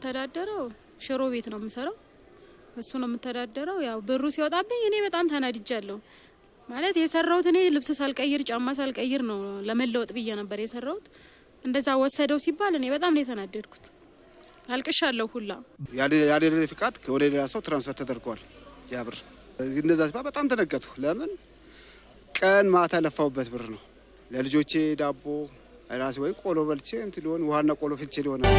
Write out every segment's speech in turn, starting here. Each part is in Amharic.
የምተዳደረው ሽሮ ቤት ነው የምሰራው። እሱ ነው የምተዳደረው። ያው ብሩ ሲወጣብኝ እኔ በጣም ተናድጃለሁ። ማለት የሰራሁት እኔ ልብስ ሳልቀይር ጫማ ሳልቀይር ነው ለመለወጥ ብዬ ነበር የሰራሁት። እንደዛ ወሰደው ሲባል እኔ በጣም ነው የተናደድኩት። አልቅሻለሁ ሁላ። ያደረ ፍቃድ ወደ ሌላ ሰው ትራንስፈር ተደርጓል ያ ብር። እንደዛ ሲባል በጣም ተነገጡ። ለምን ቀን ማታ ለፋውበት ብር ነው ለልጆቼ ዳቦ ራሴ ወይ ቆሎ በልቼ እንትን ሊሆን ውሃና ቆሎ ፍልቼ ሊሆናል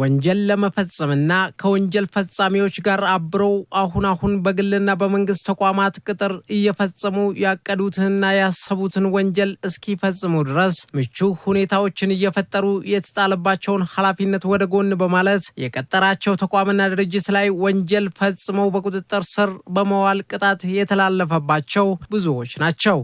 ወንጀል ለመፈጸምና ከወንጀል ፈጻሚዎች ጋር አብረው አሁን አሁን በግልና በመንግስት ተቋማት ቅጥር እየፈጸሙ ያቀዱትንና ያሰቡትን ወንጀል እስኪፈጽሙ ድረስ ምቹ ሁኔታዎችን እየፈጠሩ የተጣለባቸውን ኃላፊነት ወደ ጎን በማለት የቀጠራቸው ተቋምና ድርጅት ላይ ወንጀል ፈጽመው በቁጥጥር ስር በመዋል ቅጣት የተላለፈባቸው ብዙዎች ናቸው።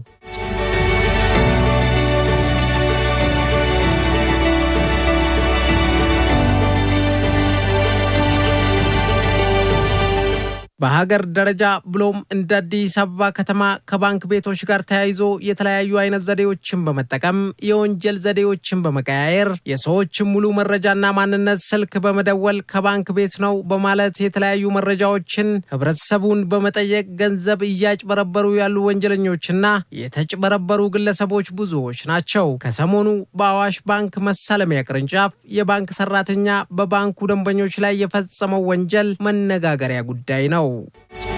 በሀገር ደረጃ ብሎም እንደ አዲስ አበባ ከተማ ከባንክ ቤቶች ጋር ተያይዞ የተለያዩ አይነት ዘዴዎችን በመጠቀም የወንጀል ዘዴዎችን በመቀያየር የሰዎችን ሙሉ መረጃና ማንነት ስልክ በመደወል ከባንክ ቤት ነው በማለት የተለያዩ መረጃዎችን ህብረተሰቡን በመጠየቅ ገንዘብ እያጭበረበሩ ያሉ ወንጀለኞችና የተጭበረበሩ ግለሰቦች ብዙዎች ናቸው። ከሰሞኑ በአዋሽ ባንክ መሳለሚያ ቅርንጫፍ የባንክ ሰራተኛ በባንኩ ደንበኞች ላይ የፈጸመው ወንጀል መነጋገሪያ ጉዳይ ነው። 嗯。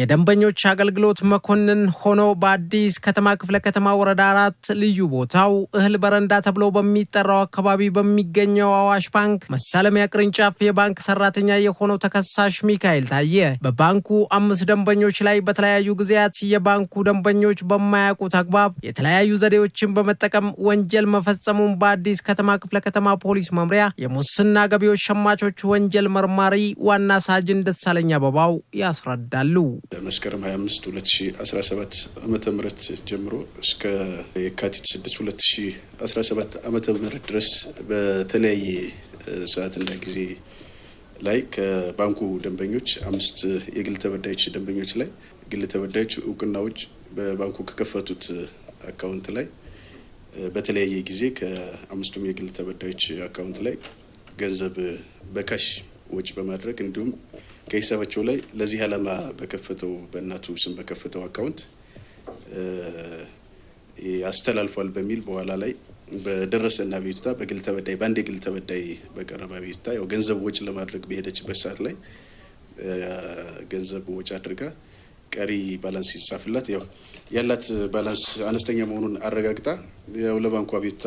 የደንበኞች አገልግሎት መኮንን ሆኖ በአዲስ ከተማ ክፍለ ከተማ ወረዳ አራት ልዩ ቦታው እህል በረንዳ ተብሎ በሚጠራው አካባቢ በሚገኘው አዋሽ ባንክ መሳለሚያ ቅርንጫፍ የባንክ ሰራተኛ የሆነው ተከሳሽ ሚካኤል ታየ በባንኩ አምስት ደንበኞች ላይ በተለያዩ ጊዜያት የባንኩ ደንበኞች በማያውቁት አግባብ የተለያዩ ዘዴዎችን በመጠቀም ወንጀል መፈጸሙን በአዲስ ከተማ ክፍለ ከተማ ፖሊስ መምሪያ የሙስና ገቢዎች ሸማቾች ወንጀል መርማሪ ዋና ሳጅን ደሳለኝ አበባው ያስረዳሉ። መስከረም 25 2017 ም ጀምሮ እስከ የካቲት 6 2017 ም ድረስ በተለያየ ሰዓትና ጊዜ ላይ ከባንኩ ደንበኞች አምስት የግል ተበዳዮች ደንበኞች ላይ ግል ተበዳዮች እውቅና ውጭ በባንኩ ከከፈቱት አካውንት ላይ በተለያየ ጊዜ ከአምስቱም የግል ተበዳዮች አካውንት ላይ ገንዘብ በካሽ ወጪ በማድረግ እንዲሁም ከሂሳባቸው ላይ ለዚህ አላማ በከፈተው በእናቱ ስም በከፈተው አካውንት አስተላልፏል በሚል በኋላ ላይ በደረሰና ቤቱታ በግል ተበዳይ በአንድ የግል ተበዳይ በቀረበ ቤቱታ ያው ገንዘብ ወጭ ለማድረግ በሄደችበት ሰዓት ላይ ገንዘብ ወጭ አድርጋ ቀሪ ባላንስ ይጻፍላት ያው ያላት ባላንስ አነስተኛ መሆኑን አረጋግጣ ያው ለባንኳ ቤቱታ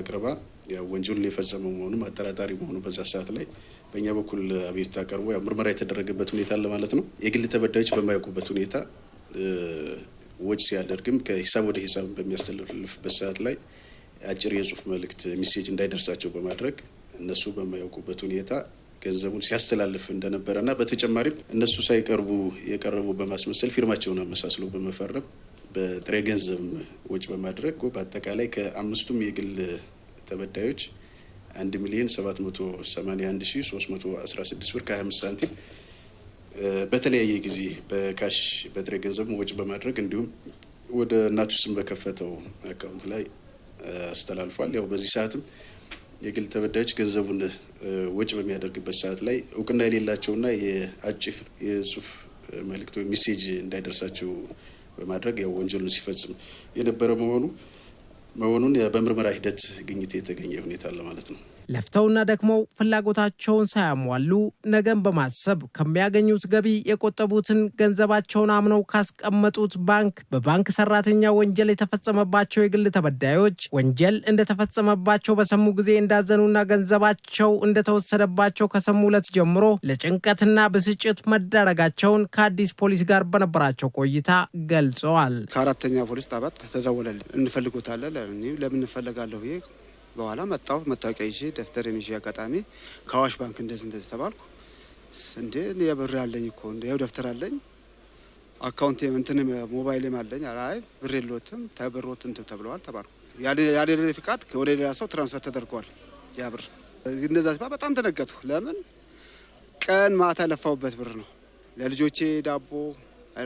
አቅርባ ያው ወንጀሉን የፈጸመው መሆኑ አጠራጣሪ መሆኑ በዛ ሰዓት ላይ በእኛ በኩል አቤቱታ ቀርቦ ምርመራ የተደረገበት ሁኔታ አለ ማለት ነው። የግል ተበዳዮች በማያውቁበት ሁኔታ ወጭ ሲያደርግም ከሂሳብ ወደ ሂሳብ በሚያስተላልፍበት ሰዓት ላይ አጭር የጽሁፍ መልእክት ሚሴጅ እንዳይደርሳቸው በማድረግ እነሱ በማያውቁበት ሁኔታ ገንዘቡን ሲያስተላልፍ እንደነበረ በተጨማሪም እነሱ ሳይቀርቡ የቀረቡ በማስመሰል ፊርማቸውን አመሳስሎ በመፈረም በጥሬ ገንዘብ ወጭ በማድረግ በአጠቃላይ ከአምስቱም የግል ተበዳዮች 1 ሚሊዮን 781,316 ብር ከ25 ሳንቲም በተለያየ ጊዜ በካሽ በጥሬ ገንዘብ ወጪ በማድረግ እንዲሁም ወደ እናቱ ስም በከፈተው አካውንት ላይ አስተላልፏል። ያው በዚህ ሰዓትም የግል ተበዳዮች ገንዘቡን ወጪ በሚያደርግበት ሰዓት ላይ እውቅና የሌላቸውና የአጭር የጽሁፍ መልእክት ወይም ሜሴጅ እንዳይደርሳቸው በማድረግ ያው ወንጀሉን ሲፈጽም የነበረ መሆኑ መሆኑን በምርመራ ሂደት ግኝት የተገኘ ሁኔታ አለ ማለት ነው። ለፍተውና ደክመው ፍላጎታቸውን ሳያሟሉ ነገን በማሰብ ከሚያገኙት ገቢ የቆጠቡትን ገንዘባቸውን አምነው ካስቀመጡት ባንክ በባንክ ሰራተኛ ወንጀል የተፈጸመባቸው የግል ተበዳዮች ወንጀል እንደተፈጸመባቸው በሰሙ ጊዜ እንዳዘኑና ገንዘባቸው እንደተወሰደባቸው ከሰሙ ዕለት ጀምሮ ለጭንቀትና ብስጭት መዳረጋቸውን ከአዲስ ፖሊስ ጋር በነበራቸው ቆይታ ገልጸዋል። ከአራተኛ ፖሊስ ጣቢያ ተደወለልኝ። እንፈልጎታለን ለምን እንፈለጋለሁ በኋላ መጣሁ። መታወቂያ ይዤ ደብተር የሚዤ አጋጣሚ ከአዋሽ ባንክ እንደዚህ እንደዚህ ተባልኩ። እንዴ የብር አለኝ እኮ ይኸው ደብተር አለኝ አካውንት እንትን ሞባይልም አለኝ። አይ ብር የለትም ተብሮት እንትን ተብለዋል ተባልኩ። ያሌለ ፍቃድ ወደ ሌላ ሰው ትራንስፈር ተደርገዋል። ያ ብር እነዛ ሲባል በጣም ተነገጥኩ። ለምን ቀን ማታ ለፋውበት ብር ነው። ለልጆቼ ዳቦ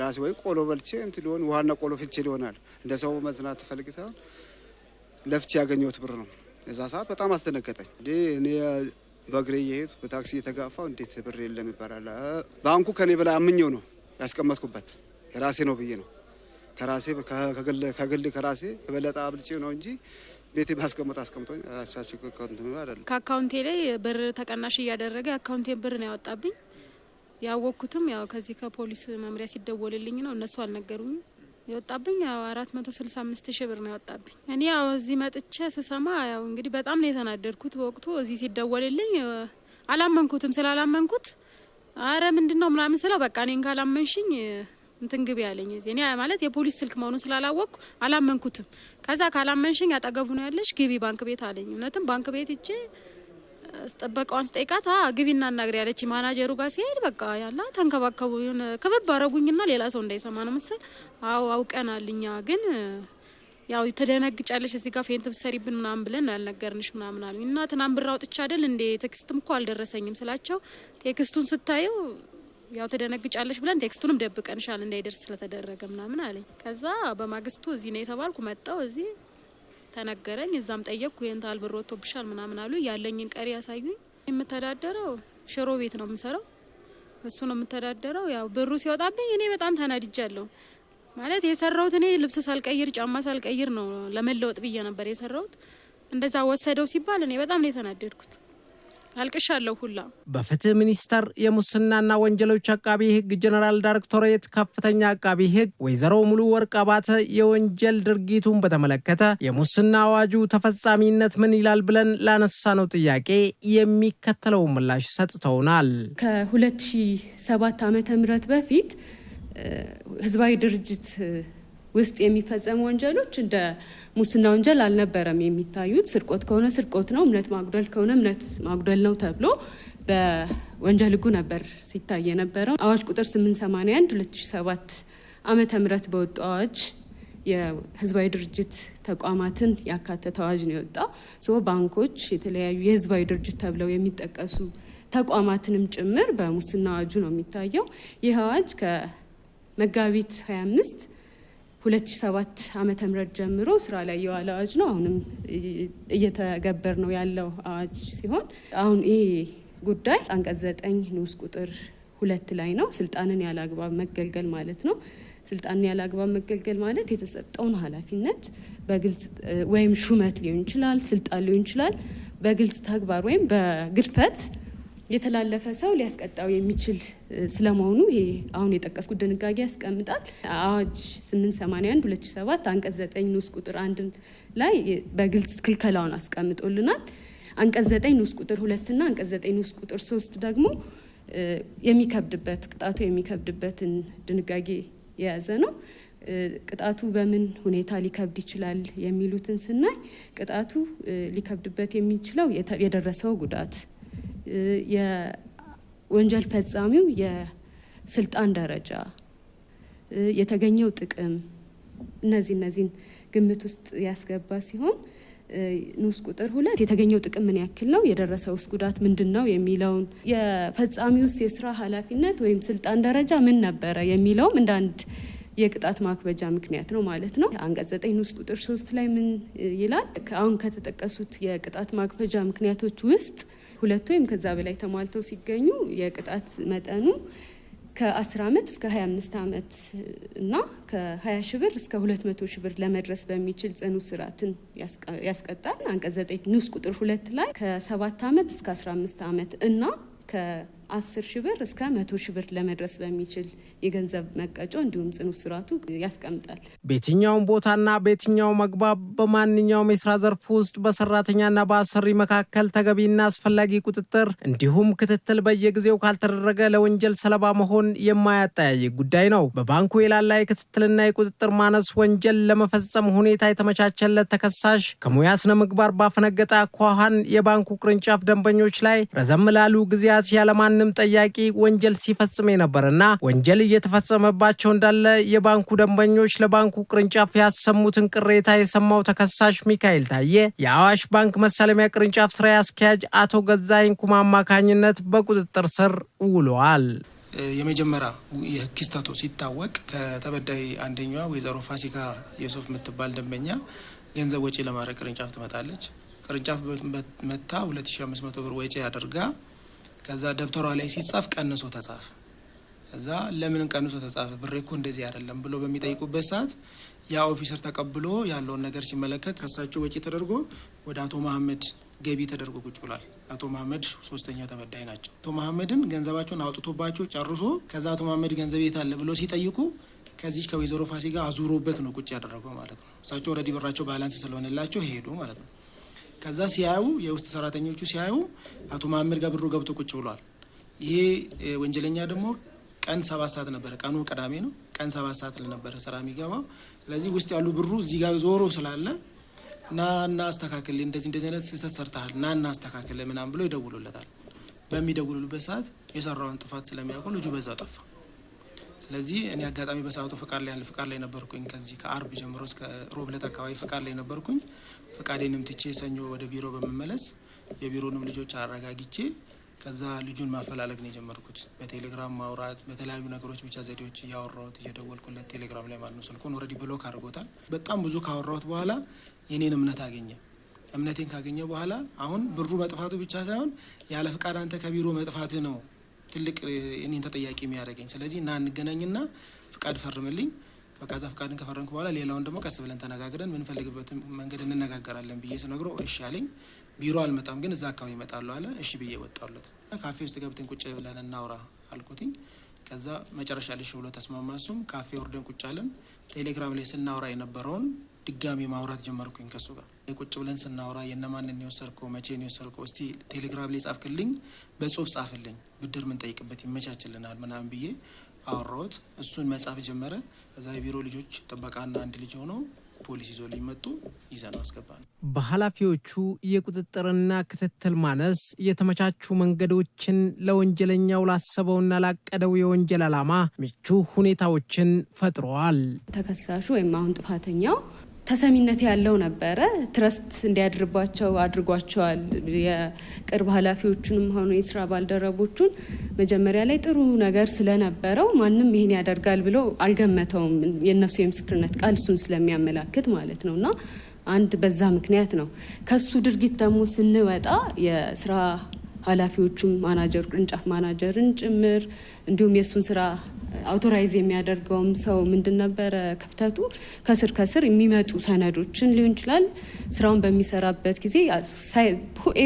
ራሴ ወይ ቆሎ በልቼ እንትን ሊሆን ውሃና ቆሎ ፍልቼ ሊሆናል እንደ ሰው መዝናት ፈልግ ሳይሆን ለፍቼ ያገኘሁት ብር ነው። እዛ ሰዓት በጣም አስደነገጠኝ። እኔ በእግሬ እየሄድኩ በታክሲ እየተጋፋው እንዴት ብር የለም ይባላል። ባንኩ ከኔ በላይ አምኜው ነው ያስቀመጥኩበት የራሴ ነው ብዬ ነው ከራሴ ከግል ከራሴ የበለጠ አብልጬ ነው እንጂ ቤት ማስቀመጥ አስቀምጦኝ አይደለም። ከአካውንቴ ላይ ብር ተቀናሽ እያደረገ አካውንቴን ብር ነው ያወጣብኝ። ያወቅኩትም ያው ከዚህ ከፖሊስ መምሪያ ሲደወልልኝ ነው። እነሱ አልነገሩኝም። የወጣብኝ አራት መቶ ስልሳ አምስት ሺህ ብር ነው የወጣብኝ። እኔ ያው እዚህ መጥቼ ስሰማ ያው እንግዲህ በጣም ነው የተናደድኩት። በወቅቱ እዚህ ሲደወልልኝ አላመንኩትም። ስላላመንኩት አረ ምንድን ነው ምናምን ስለው በቃ እኔን ካላመንሽኝ እንትን ግቢ ያለኝ እዚህ እኔ ማለት የፖሊስ ስልክ መሆኑን ስላላወቅኩ አላመንኩትም። ከዛ ካላመንሽኝ አጠገቡ ነው ያለሽ ግቢ ባንክ ቤት አለኝ። እውነትም ባንክ ቤት እቼ አስጠበቀዋን ስጠይቃት ግቢና እናግሪ ያለች ማናጀሩ ጋር ሲሄድ በቃ ያለ ተንከባከቡ ሆነ ክብብ አረጉኝና ሌላ ሰው እንዳይሰማ ነው መሰል። አዎ አውቀናል እኛ ግን ያው ተደነግጫለሽ እዚህ ጋር ፌንት ብሰሪብን ምናምን ብለን አልነገርንሽ ምናምን አሉኝ እና ትናንት ብር አውጥቻ አይደል እንዴ ቴክስትም እኮ አልደረሰኝም ስላቸው ቴክስቱን ስታየው ያው ተደነግጫለሽ ብለን ቴክስቱንም ደብቀንሻል እንዳይደርስ ስለተደረገ ምናምን አለኝ። ከዛ በማግስቱ እዚህ ነው የተባልኩ መጣው እዚህ ተነገረኝ። እዛም ጠየቅኩ። ይህን ታህል ብር ወጥቶብሻል ምናምን አሉ። ያለኝን ቀሪ ያሳዩኝ። የምተዳደረው ሽሮ ቤት ነው የምሰራው፣ እሱ ነው የምተዳደረው። ያው ብሩ ሲወጣብኝ እኔ በጣም ተናድጃለሁ። ማለት የሰራሁት እኔ ልብስ ሳልቀይር ጫማ ሳልቀይር ነው ለመለወጥ ብዬ ነበር የሰራሁት። እንደዛ ወሰደው ሲባል እኔ በጣም ነው የተናደድኩት። አልቅሻለሁ ሁላ። በፍትህ ሚኒስቴር የሙስናና ወንጀሎች አቃቢ ህግ ጀኔራል ዳይሬክቶሬት ከፍተኛ አቃቢ ህግ ወይዘሮ ሙሉ ወርቅ አባተ የወንጀል ድርጊቱን በተመለከተ የሙስና አዋጁ ተፈጻሚነት ምን ይላል ብለን ላነሳነው ጥያቄ የሚከተለው ምላሽ ሰጥተውናል። ከ2007 ዓ.ም በፊት ህዝባዊ ድርጅት ውስጥ የሚፈጸሙ ወንጀሎች እንደ ሙስና ወንጀል አልነበረም የሚታዩት። ስርቆት ከሆነ ስርቆት ነው፣ እምነት ማጉደል ከሆነ እምነት ማጉደል ነው ተብሎ በወንጀል ጉ ነበር ሲታይ የነበረው። አዋጅ ቁጥር 881 2007 ዓመተ ምህረት በወጡ አዋጅ የህዝባዊ ድርጅት ተቋማትን ያካተተ አዋጅ ነው የወጣው። ሶ ባንኮች፣ የተለያዩ የህዝባዊ ድርጅት ተብለው የሚጠቀሱ ተቋማትንም ጭምር በሙስና አዋጁ ነው የሚታየው። ይህ አዋጅ ከመጋቢት 25 2007 ዓመተ ምህረት ጀምሮ ስራ ላይ የዋለ አዋጅ ነው። አሁንም እየተገበር ነው ያለው አዋጅ ሲሆን አሁን ይህ ጉዳይ አንቀጽ ዘጠኝ ንዑስ ቁጥር ሁለት ላይ ነው። ስልጣንን ያለ አግባብ መገልገል ማለት ነው። ስልጣንን ያለ አግባብ መገልገል ማለት የተሰጠውን ኃላፊነት በግልጽ ወይም ሹመት ሊሆን ይችላል፣ ስልጣን ሊሆን ይችላል፣ በግልጽ ተግባር ወይም በግድፈት የተላለፈ ሰው ሊያስቀጣው የሚችል ስለመሆኑ ይሄ አሁን የጠቀስኩት ድንጋጌ ያስቀምጣል። አዋጅ 881 2007 አንቀጽ 9 ንዑስ ቁጥር አንድ ላይ በግልጽ ክልከላውን አስቀምጦልናል። አንቀጽ 9 ንዑስ ቁጥር ሁለትና አንቀጽ 9 ንዑስ ቁጥር ሶስት ደግሞ የሚከብድበት ቅጣቱ የሚከብድበትን ድንጋጌ የያዘ ነው። ቅጣቱ በምን ሁኔታ ሊከብድ ይችላል የሚሉትን ስናይ ቅጣቱ ሊከብድበት የሚችለው የደረሰው ጉዳት የወንጀል ፈጻሚው የስልጣን ደረጃ፣ የተገኘው ጥቅም እነዚህ እነዚህን ግምት ውስጥ ያስገባ ሲሆን ንዑስ ቁጥር ሁለት የተገኘው ጥቅም ምን ያክል ነው፣ የደረሰውስ ጉዳት ምንድን ነው የሚለውን የፈጻሚውስ የስራ ኃላፊነት ወይም ስልጣን ደረጃ ምን ነበረ የሚለውም እንደ አንድ የቅጣት ማክበጃ ምክንያት ነው ማለት ነው። አንቀጽ ዘጠኝ ንዑስ ቁጥር ሶስት ላይ ምን ይላል? አሁን ከተጠቀሱት የቅጣት ማክበጃ ምክንያቶች ውስጥ ሁለት ወይም ከዛ በላይ ተሟልተው ሲገኙ የቅጣት መጠኑ ከ10 ዓመት እስከ 25 ዓመት እና ከ20 ብር እስከ 200 ሺህ ብር ለመድረስ በሚችል ጽኑ እስራትን ያስቀጣል። አንቀጽ 9 ንዑስ ቁጥር ሁለት ላይ ከ7 ዓመት እስከ 15 አመት እና አስር ሺ ብር እስከ መቶ ሺ ብር ለመድረስ በሚችል የገንዘብ መቀጮ እንዲሁም ጽኑ ስራቱ ያስቀምጣል። በየትኛውም ቦታና በየትኛውም አግባብ በማንኛውም የስራ ዘርፍ ውስጥ በሰራተኛና በአሰሪ መካከል ተገቢና አስፈላጊ ቁጥጥር እንዲሁም ክትትል በየጊዜው ካልተደረገ ለወንጀል ሰለባ መሆን የማያጠያይቅ ጉዳይ ነው። በባንኩ የላላ የክትትልና የቁጥጥር ማነስ ወንጀል ለመፈጸም ሁኔታ የተመቻቸለት ተከሳሽ ከሙያ ስነ ምግባር ባፈነገጠ አኳኋን የባንኩ ቅርንጫፍ ደንበኞች ላይ ረዘም ላሉ ጊዜያት ያለማን ማንም ጠያቂ ወንጀል ሲፈጽም ና ወንጀል እየተፈጸመባቸው እንዳለ የባንኩ ደንበኞች ለባንኩ ቅርንጫፍ ያሰሙትን ቅሬታ የሰማው ተከሳሽ ሚካኤል ታዬ የአዋሽ ባንክ መሳለሚያ ቅርንጫፍ ስራ አስኪያጅ አቶ ገዛይን ኩማ አማካኝነት በቁጥጥር ስር ውሏል። የመጀመሪያ የክስተቱ ክስተቱ ሲታወቅ ከተበዳይ አንደኛ ወይዘሮ ፋሲካ የሶፍ የምትባል ደንበኛ ገንዘብ ወጪ ለማድረግ ቅርንጫፍ ትመጣለች። ቅርንጫፍ መታ 2500 ብር ወጪ አድርጋ ከዛ ደብተሯ ላይ ሲጻፍ ቀንሶ ተጻፈ። ከዛ ለምን ቀንሶ ተጻፈ ብሬ እኮ እንደዚህ አይደለም ብሎ በሚጠይቁበት ሰዓት ያ ኦፊሰር ተቀብሎ ያለውን ነገር ሲመለከት ከሳቸው ወጪ ተደርጎ ወደ አቶ መሀመድ ገቢ ተደርጎ ቁጭ ብሏል። አቶ መሀመድ ሶስተኛው ተበዳይ ናቸው። አቶ መሀመድን ገንዘባቸውን አውጥቶባቸው ጨርሶ ከዛ አቶ መሀመድ ገንዘብ የት አለ ብሎ ሲጠይቁ ከዚህ ከወይዘሮ ፋሲካ አዙሮበት ነው ቁጭ ያደረገው ማለት ነው። እሳቸው ረዲ ብራቸው ባላንስ ስለሆነላቸው ሄዱ ማለት ነው። ከዛ ሲያዩ የውስጥ ሰራተኞቹ ሲያዩ አቶ ማምር ጋር ገብቶ ቁጭ ብሏል። ይሄ ወንጀለኛ ደግሞ ቀን ሰባት ሰዓት ነበረ። ቀኑ ቅዳሜ ነው። ቀን ሰባት ሰዓት ለነበረ ስራ የሚገባው ስለዚህ ውስጥ ያሉ ብሩ እዚህ ጋር ዞሮ ስላለ ና እና አስተካክል፣ እንደዚህ እንደዚህ አይነት ስህተት ሰርተሃል፣ ና እና አስተካክል ምናምን ብሎ ይደውሉለታል። በሚደውሉበት ሰዓት የሰራውን ጥፋት ስለሚያውቀው ልጁ በዛው ጠፋ። ስለዚህ እኔ አጋጣሚ በሰዓቱ ፍቃድ ላይ ፍቃድ ላይ ነበርኩኝ። ከዚህ ከአርብ ጀምሮ እስከ ሮብለት አካባቢ ፍቃድ ላይ ነበርኩኝ። ፍቃዴንም ትቼ ሰኞ ወደ ቢሮ በመመለስ የቢሮንም ልጆች አረጋግቼ ከዛ ልጁን ማፈላለግ ነው የጀመርኩት። በቴሌግራም ማውራት፣ በተለያዩ ነገሮች ብቻ ዘዴዎች እያወራሁት እየደወልኩለት ቴሌግራም ላይ ማነው ስልኩን ኦልሬዲ ብሎክ አድርጎታል። በጣም ብዙ ካወራሁት በኋላ የኔን እምነት አገኘ። እምነቴን ካገኘ በኋላ አሁን ብሩ መጥፋቱ ብቻ ሳይሆን ያለ ፍቃድ አንተ ከቢሮ መጥፋት ነው ትልቅ እኔን ተጠያቂ የሚያደርገኝ። ስለዚህ ና እንገናኝና ፍቃድ ፈርምልኝ። በቃዛ ፍቃድን ከፈረንኩ በኋላ ሌላውን ደግሞ ቀስ ብለን ተነጋግረን ምንፈልግበት መንገድ እንነጋገራለን ብዬ ስነግሮ እሺ አለኝ። ቢሮ አልመጣም ግን እዛ አካባቢ ይመጣሉ አለ። እሺ ብዬ ወጣለት። ካፌ ውስጥ ገብተን ቁጭ ብለን እናውራ አልኩትኝ። ከዛ መጨረሻ ልሽ ብሎ ተስማማ። እሱም ካፌ ወርደን ቁጭ አለን። ቴሌግራም ላይ ስናውራ የነበረውን ድጋሚ ማውራት ጀመርኩኝ ከሱ ጋር ቁጭ ብለን ስናወራ የነማንን ኒወሰርኮ መቼ ኒወሰርኮ እስቲ ቴሌግራም ላይ ጻፍክልኝ በጽሁፍ ጻፍልኝ ብድር ምንጠይቅበት ይመቻችልናል ምናምን ብዬ አወራሁት እሱን መጻፍ ጀመረ ከዛ የቢሮ ልጆች ጥበቃና አንድ ልጅ ሆኖ ፖሊስ ይዞ ሊመጡ ነው አስገባ ነው። በሀላፊዎቹ የቁጥጥርና ክትትል ማነስ የተመቻቹ መንገዶችን ለወንጀለኛው ላሰበውና ላቀደው የወንጀል ዓላማ ምቹ ሁኔታዎችን ፈጥረዋል። ተከሳሹ ወይም አሁን ጥፋተኛው ተሰሚነት ያለው ነበረ። ትረስት እንዲያድርባቸው አድርጓቸዋል። የቅርብ ኃላፊዎቹንም ሆኑ የስራ ባልደረቦቹን መጀመሪያ ላይ ጥሩ ነገር ስለነበረው ማንም ይሄን ያደርጋል ብሎ አልገመተውም። የእነሱ የምስክርነት ቃል እሱን ስለሚያመላክት ማለት ነው እና አንድ በዛ ምክንያት ነው። ከሱ ድርጊት ደግሞ ስንወጣ የስራ ኃላፊዎቹም ማናጀር ቅርንጫፍ ማናጀርን ጭምር እንዲሁም የእሱን ስራ አውቶራይዝ የሚያደርገውም ሰው ምንድን ነበረ ክፍተቱ? ከስር ከስር የሚመጡ ሰነዶችን ሊሆን ይችላል ስራውን በሚሰራበት ጊዜ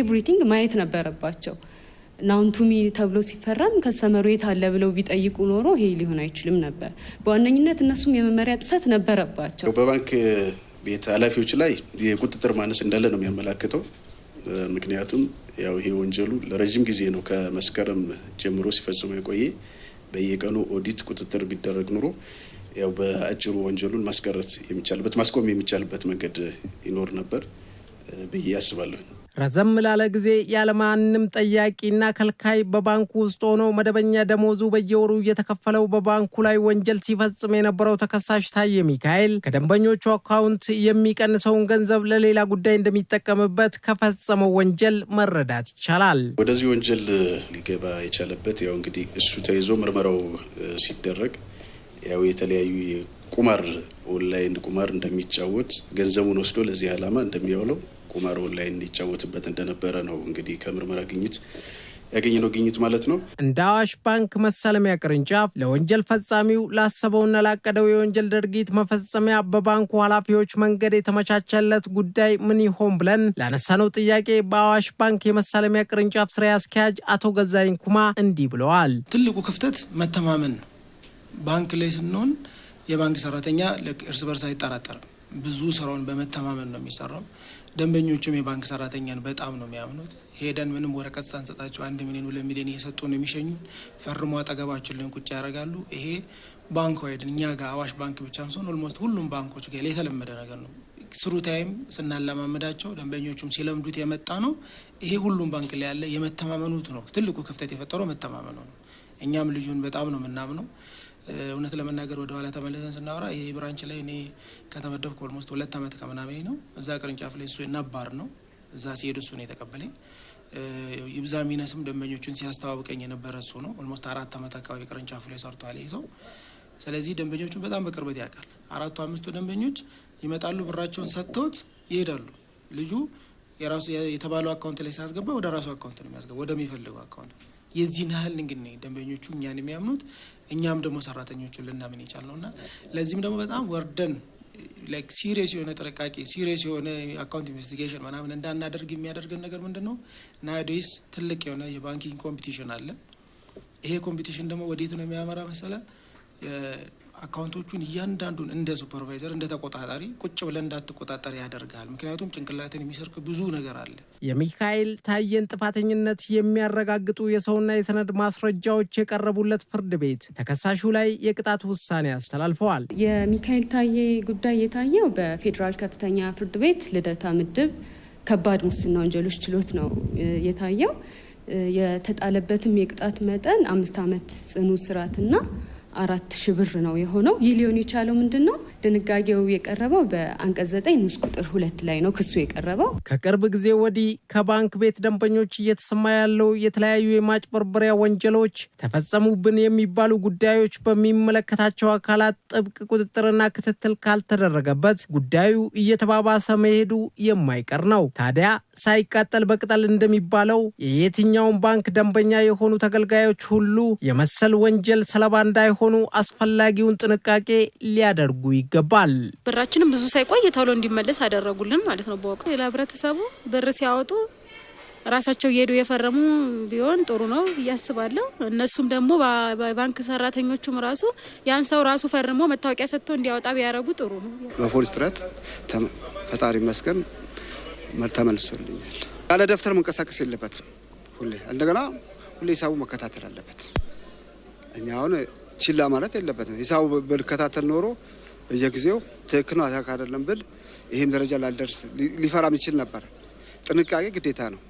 ኤቭሪቲንግ ማየት ነበረባቸው። ናውንቱሚ ተብሎ ሲፈረም ከስተመሩ የት አለ ብለው ቢጠይቁ ኖሮ ይሄ ሊሆን አይችልም ነበር። በዋነኝነት እነሱም የመመሪያ ጥሰት ነበረባቸው። በባንክ ቤት ኃላፊዎች ላይ የቁጥጥር ማነስ እንዳለ ነው የሚያመላክተው። ምክንያቱም ያው ይሄ ወንጀሉ ለረዥም ጊዜ ነው ከመስከረም ጀምሮ ሲፈጽመው የቆየ በየቀኑ ኦዲት ቁጥጥር ቢደረግ ኑሮ ያው በአጭሩ ወንጀሉን ማስቀረት የሚቻልበት ማስቆም የሚቻልበት መንገድ ይኖር ነበር ብዬ አስባለሁ። ረዘም ላለ ጊዜ ያለማንም ጠያቂና ከልካይ በባንኩ ውስጥ ሆኖ መደበኛ ደሞዙ በየወሩ እየተከፈለው በባንኩ ላይ ወንጀል ሲፈጽም የነበረው ተከሳሽ ታየ ሚካኤል ከደንበኞቹ አካውንት የሚቀንሰውን ገንዘብ ለሌላ ጉዳይ እንደሚጠቀምበት ከፈጸመው ወንጀል መረዳት ይቻላል። ወደዚህ ወንጀል ሊገባ የቻለበት ያው እንግዲህ እሱ ተይዞ ምርመራው ሲደረግ ያው የተለያዩ ቁማር ኦንላይን ቁማር እንደሚጫወት ገንዘቡን ወስዶ ለዚህ ዓላማ እንደሚያውለው ቁማር ኦንላይን ይጫወትበት እንደነበረ ነው እንግዲህ ከምርመራ ግኝት ያገኘነው ግኝት ማለት ነው። እንደ አዋሽ ባንክ መሳለሚያ ቅርንጫፍ ለወንጀል ፈጻሚው ላሰበውና ላቀደው የወንጀል ድርጊት መፈጸሚያ በባንኩ ኃላፊዎች መንገድ የተመቻቸለት ጉዳይ ምን ይሆን ብለን ላነሳነው ጥያቄ በአዋሽ ባንክ የመሳለሚያ ቅርንጫፍ ስራ አስኪያጅ አቶ ገዛይን ኩማ እንዲህ ብለዋል። ትልቁ ክፍተት መተማመን ነው። ባንክ ላይ ስንሆን የባንክ ሰራተኛ እርስ በርስ አይጠራጠርም። ብዙ ስራውን በመተማመን ነው የሚሰራው። ደንበኞቹም የባንክ ሰራተኛን በጣም ነው የሚያምኑት። ሄደን ምንም ወረቀት ሳንሰጣቸው አንድ ሚሊዮን ሁለት ሚሊዮን እየሰጡ ነው የሚሸኙ። ፈርሞ አጠገባችን ልን ቁጭ ያደርጋሉ። ይሄ ባንክ ዋይድን እኛ ጋር አዋሽ ባንክ ብቻ ሲሆን ኦልሞስት ሁሉም ባንኮች ጋር የተለመደ ነገር ነው። ስሩ ታይም ስናለማመዳቸው ደንበኞቹም ሲለምዱት የመጣ ነው። ይሄ ሁሉም ባንክ ላይ ያለ የመተማመኑት ነው። ትልቁ ክፍተት የፈጠረው መተማመኑ ነው። እኛም ልጁን በጣም ነው የምናምነው። እውነት ለመናገር ወደ ኋላ ተመልሰን ስናወራ ይሄ ብራንች ላይ እኔ ከተመደብኩ ኦልሞስት ሁለት ዓመት ከምናምን ነው። እዛ ቅርንጫፍ ላይ እሱ ነባር ነው። እዛ ሲሄድ እሱ ነው የተቀበለኝ። ይብዛ ሚነስም ደንበኞቹን ሲያስተዋውቀኝ የነበረ እሱ ነው። ኦልሞስት አራት ዓመት አካባቢ ቅርንጫፉ ላይ ሰርቷል ይሄ ሰው። ስለዚህ ደንበኞቹን በጣም በቅርበት ያውቃል። አራቱ አምስቱ ደንበኞች ይመጣሉ፣ ብራቸውን ሰጥተውት ይሄዳሉ። ልጁ የተባለው አካውንት ላይ ሲያስገባ ወደ ራሱ አካውንት ነው የሚያስገባ፣ ወደሚፈልገው አካውንት የዚህን ያህል እንግዲህ ደንበኞቹ እኛን የሚያምኑት እኛም ደግሞ ሰራተኞቹን ልናምን ይቻል ነው እና ለዚህም ደግሞ በጣም ወርደን ላይክ ሲሪየስ የሆነ ጥንቃቄ ሲሪየስ የሆነ አካውንት ኢንቨስቲጌሽን ምናምን እንዳናደርግ የሚያደርገን ነገር ምንድን ነው? ናዶስ ትልቅ የሆነ የባንኪንግ ኮምፒቲሽን አለ። ይሄ ኮምፒቲሽን ደግሞ ወዴት ነው የሚያመራ መሰለ አካውንቶቹን እያንዳንዱን እንደ ሱፐርቫይዘር እንደ ተቆጣጣሪ ቁጭ ብለን እንዳትቆጣጠር ያደርጋል። ምክንያቱም ጭንቅላትን የሚሰርቅ ብዙ ነገር አለ። የሚካኤል ታየን ጥፋተኝነት የሚያረጋግጡ የሰውና የሰነድ ማስረጃዎች የቀረቡለት ፍርድ ቤት ተከሳሹ ላይ የቅጣት ውሳኔ አስተላልፈዋል። የሚካኤል ታዬ ጉዳይ የታየው በፌዴራል ከፍተኛ ፍርድ ቤት ልደታ ምድብ ከባድ ሙስና ወንጀሎች ችሎት ነው የታየው። የተጣለበትም የቅጣት መጠን አምስት ዓመት ጽኑ እስራትና አራት ሺህ ብር ነው የሆነው። ይህ ሊሆን የቻለው ምንድን ነው ድንጋጌው የቀረበው በአንቀጽ ዘጠኝ ንዑስ ቁጥር ሁለት ላይ ነው ክሱ የቀረበው። ከቅርብ ጊዜ ወዲህ ከባንክ ቤት ደንበኞች እየተሰማ ያለው የተለያዩ የማጭበርበሪያ ወንጀሎች ተፈጸሙብን የሚባሉ ጉዳዮች በሚመለከታቸው አካላት ጥብቅ ቁጥጥርና ክትትል ካልተደረገበት ጉዳዩ እየተባባሰ መሄዱ የማይቀር ነው። ታዲያ ሳይቃጠል በቅጠል እንደሚባለው የየትኛውን ባንክ ደንበኛ የሆኑ ተገልጋዮች ሁሉ የመሰል ወንጀል ሰለባ እንዳይሆኑ አስፈላጊውን ጥንቃቄ ሊያደርጉ ይገ ይገባል። ብራችንም ብዙ ሳይቆይ ተውሎ እንዲመለስ አደረጉልን ማለት ነው። በወቅቱ ለህብረተሰቡ ብር ሲያወጡ ራሳቸው እየሄዱ የፈረሙ ቢሆን ጥሩ ነው እያስባለሁ። እነሱም ደግሞ ባንክ ሰራተኞቹም ራሱ ያን ሰው ራሱ ፈርሞ መታወቂያ ሰጥቶ እንዲያወጣ ቢያደረጉ ጥሩ ነው። በፖሊስ ጥረት ፈጣሪ መስገን ተመልሶልኛል። ያለ ደብተር መንቀሳቀስ የለበትም። ሁሌ እንደገና ሁሌ ሂሳቡ መከታተል አለበት። እኛ አሁን ችላ ማለት የለበትም። ሂሳቡ ብንከታተል ኖሮ በየጊዜው ትክክል ነው አይደለም ብል ይህም ደረጃ ላልደርስ ሊፈራም ይችል ነበር። ጥንቃቄ ግዴታ ነው።